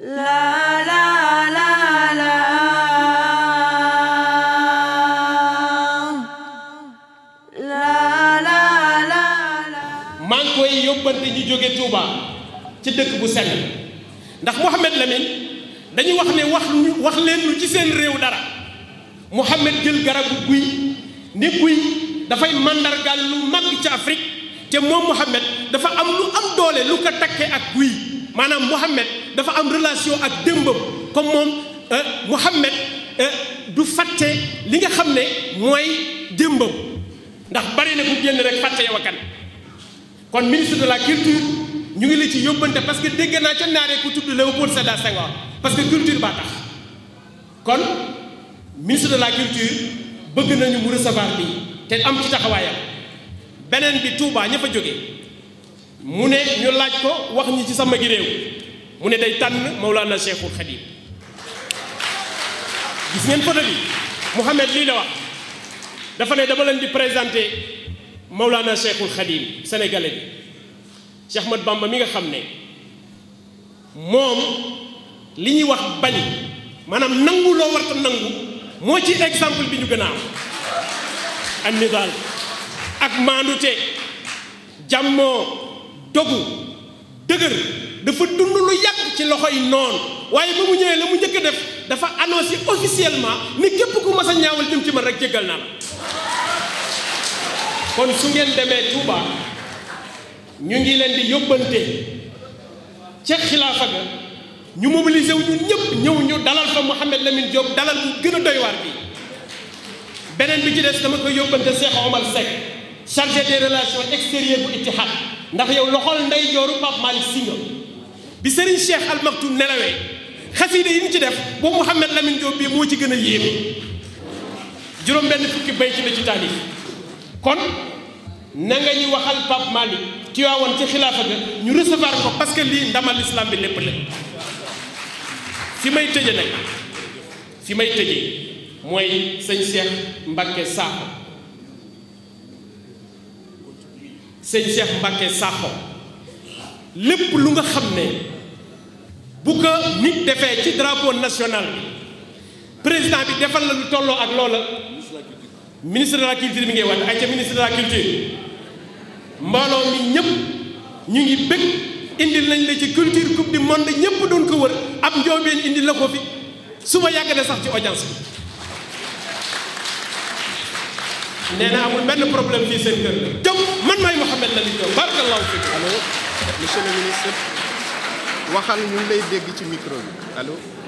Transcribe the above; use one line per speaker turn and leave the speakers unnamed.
La la la la. La la la la. maa ngi koy yóbbante ñu jóge Touba ci dëkk bu sell ndax Mouhamed Lamine dañu wax ne wax wax leen ci seen réew dara Mouhamed jël garabu guy ni guy dafay màndargaal lu mag ci Afrique te moom Mouhamed dafa am lu am doole lu ko takkee ak guy maanaam Mouhamed. dafa am relation ak démbam comme moom euh, Mouhamed euh, du fàtte li nga xam ne mooy démbam ndax bari na bu génn rek fàtte yow a kan kon ministre de la culture ñu ngi la ci yóbbante parce que dégg naa ca naaree ku tudd Léopold Sédar Senghor parce que culture baa tax kon ministre de la culture bëgg nañu mu recevoir lii te am ci taxawaayam beneen bi Touba ña fa jóge mu ne ñu laaj ko wax ñi ci sama gi mu ne day tànn Mawlana Cheikhul Khadim gis ngeen photo bi Mouhamed lii la wax dafa ne dama leen di présenter Mawlana Cheikhul Khadim sénégalais bi Cheikh Bamba mi nga xam ne moom li ñuy wax bañ maanaam nangu loo warta nangu moo ci exemple bi ñu gën a am ak nidaal ak maandute jàmmoo dogu dëgër dafa dund lu yàgg ci loxo yi noonu waaye ba mu ñëwee la mu njëkk def dafa annoncé officiellement ni képp ku mas a ñaawal jëm ci ma rek jéggal naa kon su ngeen demee Touba ñu ngi leen di yóbbante ca xilaafa ga ñu mobilisé wu ñun ñëpp ñëw ñu dalal fa Mouhamed Lamine Diop dalal bu gën a doy waar bi beneen bi ci des dama koy yóbbante Cheikh Omar Seck chargé des relations extérieures bu Ittihad ndax yow loxol ndey jooru Pape Malick nga bi Serigne Cheikh Al Maktoum nelawee xasida yi ñu ci def boobu Mouhamed Lamine Diop bii moo ci gën a yéem juróom benn fukki bay ci la ci taalif kon na nga ñu waxal Pape Tiwaawan ci xilaafa ga ñu recevoir ko parce que lii ndamal islam bi lépp la fi may tëje nag fi may tëjee mooy sëñ Cheikh Mbacke Sakho sëñ Cheikh Mbacke Sakho lépp lu nga xam ne bu ko nit defee ci drapeau national bi président bi defal la lu tolloo ak loola ministre de la culture mi ngay wax ay ca ministre de la culture mbooloo mi ñëpp ñu ngi bëgg indil nañ la ci culture coupe du monde ñëpp doon ko wër ab njoobeen indil la ko fi suba yàgg sax ci audience bi nee na amul benn problème fii seen kër la. donc man maay Mouhamed Lamine Diop. barkallahu fik. allo monsieur waxal ñu ngi lay dégg ci micro bi allo.